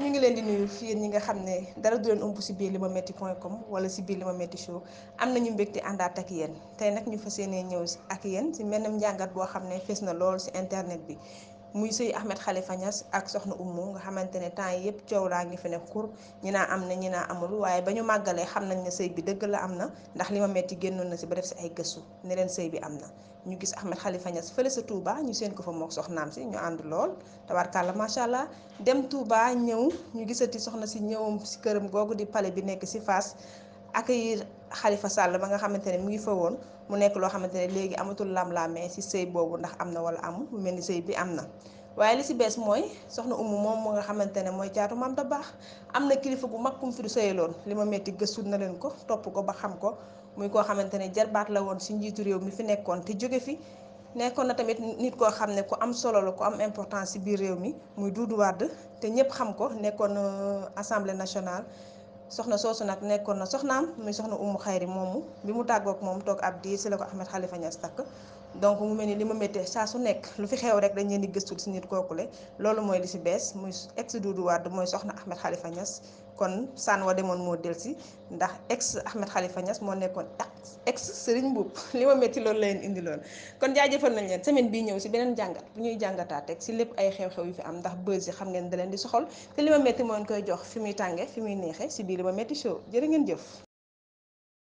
ñu ngi leen di nuyu fii ñi nga xam ne dara du leen ëmb si biir limametti point com wala si biir limametti show am nañu mbégte àndaat ak yéen tey nag ñu fa yéenee ñëw ak yéen si menn njàngat boo xam ne fees na lool si internet bi. muy sëy Ahmed Khalifa Niass ak soxna Oumou nga xamante ne temps yi yëpp coow laa ngi fi ne xur ñi naa am na ñi naa amul waaye ba ñu màggalee xam nañ ne sëy bi dëgg la am na ndax li ma metti génnoon na si ba def si ay gëstu ne leen sëy bi am na ñu gis Ahmed xalifa Niass fële sa Touba ñu seen ko fa mook soxnaam si ñu ànd lool tabarkàlla macha allah dem Touba ñëw ñu gisati soxna si ñëwam si këram googu di pale bi nekk si fas accueillir Khalifa Sall ba nga xamante ne mu ngi fa woon mu nekk loo xamante ne léegi amatul lam-laamee si sëy boobu ndax am na wala amul mu mel ni sëy bi am na waaye li si bees mooy soxna umu moom mu nga xamante ne mooy caatu maam da baax am na kilifa gu mag kum fi du sëyaloon li ma metti gëstu na leen ko topp ko ba xam ko muy koo xamante ne jarbaat la woon si njiitu réew mi fi nekkoon te jóge fi nekkoon na tamit nit koo xam ne ku am solo la ku am importance si biir réew muy Doudou te ñëpp xam ko nekkoon euh, assemblée nationale soxna soosu nag nekkoon na soxnaam muy soxna umu xayri moomu bi mu tàggook moom toog ab diir si la ko Ahmed Khalifa Niass takk donc mu mel ni li ma méttee saa su nekk lu fi xew rek dañ leen di gëstul si kooku le loolu mooy li si bees muy ex Doudou Wade mooy soxna Ahmed Khalifa Niass kon saan wa demoon moo delsi ndax ex Ahmed xalifa ñas moo nekkoon ex Serigne Mboup li ma métti loolu la leen indiloon lool kon jaajëfal nañ leen semaine bi ñëw si beneen jàngat bu ñuy jàngataa teg si lépp ay xew-xew yu fi am ndax buzz yi xam ngeen da leen di soxal te li ma métti moo koy jox fi muy tàngee fi muy neexe si biir li ma métti show jëri ngeen jëf